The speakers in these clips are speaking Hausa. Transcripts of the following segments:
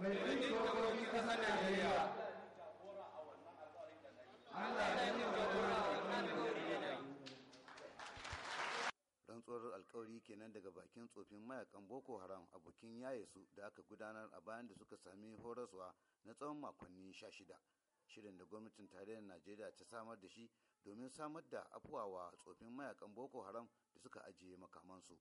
mai bin dokoki kasa Najeriya. Allah ya yi rantsuwar alkawari kenan daga bakin tsofin mayakan boko haram abokin yaye su da aka gudanar a bayan da suka sami horaswa na tsawon makonni sha shida shirin da gwamnatin tarayyar najeriya ta samar da shi domin samar da afuwa wa tsofin mayakan boko haram da suka ajiye makamansu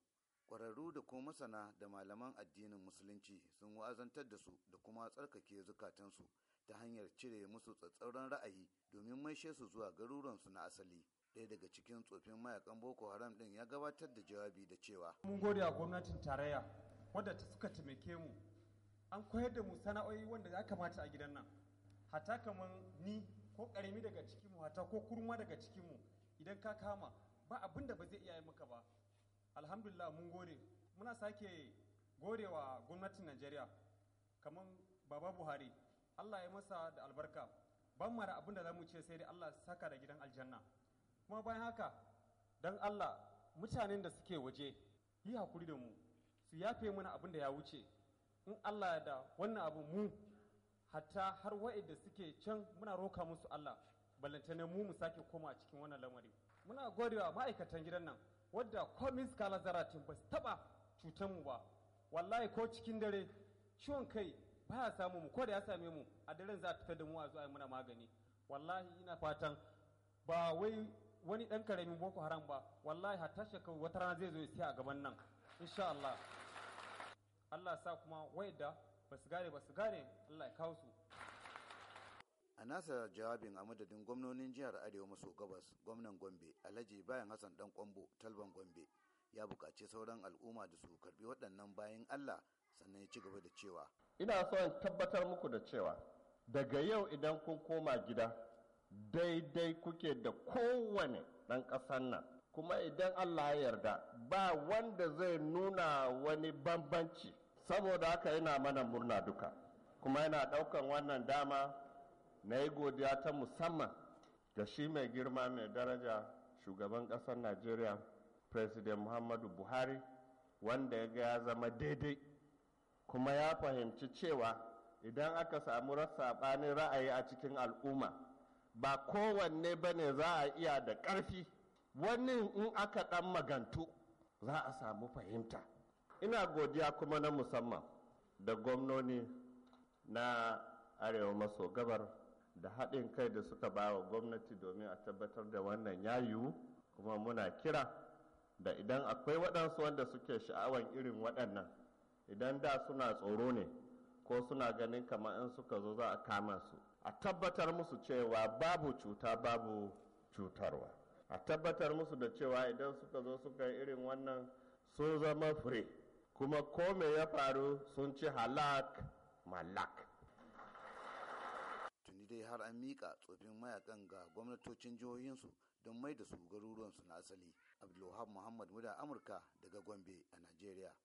Ƙwararru da kuma masana da malaman addinin musulunci sun wa'azantar da su da kuma tsarkake zukatansu ta hanyar cire musu tsatsauran ra'ayi domin maishe su zuwa garuruwansu na asali. ɗaya daga cikin tsofin mayakan boko haram ɗin ya gabatar da jawabi da cewa mun gode a gwamnatin tarayya wadda ta suka taimake mu an koyar da mu sana'o'i wanda ya kamata a gidan nan hata kamar ni ko karami daga cikinmu hata ko kurma daga cikinmu idan ka kama ba abin da ba zai iya yi maka ba alhamdulillah mun gode muna sake wa gwamnatin najeriya kamar baba buhari allah ya masa da albarka ban mara abin da za mu ce sai dai allah saka da gidan aljanna kuma bayan haka don allah mutanen da suke waje yi hakuri da mu su yafe mana abin da ya wuce in allah da wannan abu mu hatta har da suke can muna roka musu allah ballantane mu mu sake koma cikin wannan lamari muna godewa ma'aikatan gidan nan wadda komin kala zaratin ba su taɓa cutar mu ba wallahi ko cikin dare ciwon kai ba ya samu mu ko da ya same mu a daren za a fitar da mu a zuwa muna magani wallahi ina fatan ba wai wani ɗan karamin boko haram ba wallahi hatta shekaru wata rana zai zo ya siya a gaban nan insha Allah Allah sa kuma wai da ba su gane ba su gane Allah ya kawo su a nasa jawabin a madadin gwamnonin jihar arewa maso gabas gwamnan gombe alhaji bayan hassan dan kwambo talban gombe ya buƙaci sauran al'umma da su karbi waɗannan bayan allah sannan ya ci gaba da cewa ina so son tabbatar muku da cewa daga yau idan kun koma gida daidai kuke da kowane ɗan ƙasar nan kuma idan allah ya yarda ba wanda zai nuna wani bambanci saboda haka yana mana murna duka kuma yana ɗaukan wannan dama na yi godiya ta musamman ga shi mai girma mai daraja shugaban ƙasar najeriya president muhammadu buhari wanda ya ga ya zama daidai kuma ya fahimci cewa idan aka samu saɓanin ra'ayi a cikin al'umma ba kowanne ba ne za a iya da ƙarfi wani in aka ɗan magantu za a samu fahimta ina godiya kuma na musamman da gwamnoni na arewa maso gabar da haɗin kai da suka ba wa gwamnati domin a tabbatar da wannan ya yiwu kuma muna kira da idan akwai waɗansu wanda suke sha'awan irin waɗannan idan da suna tsoro ne ko suna ganin kamar in suka zo za a kama su a tabbatar musu cewa babu cuta babu cutarwa a tabbatar musu da cewa idan suka zo suka irin wannan sun zama fure kuma ko me ya faru sun ci halak malak tuni har an miƙa tsofin mayakan ga gwamnatocin jihohinsu don mai da su garuruwansu na asali abdulwahab muhammad muda amurka daga gombe a nigeria.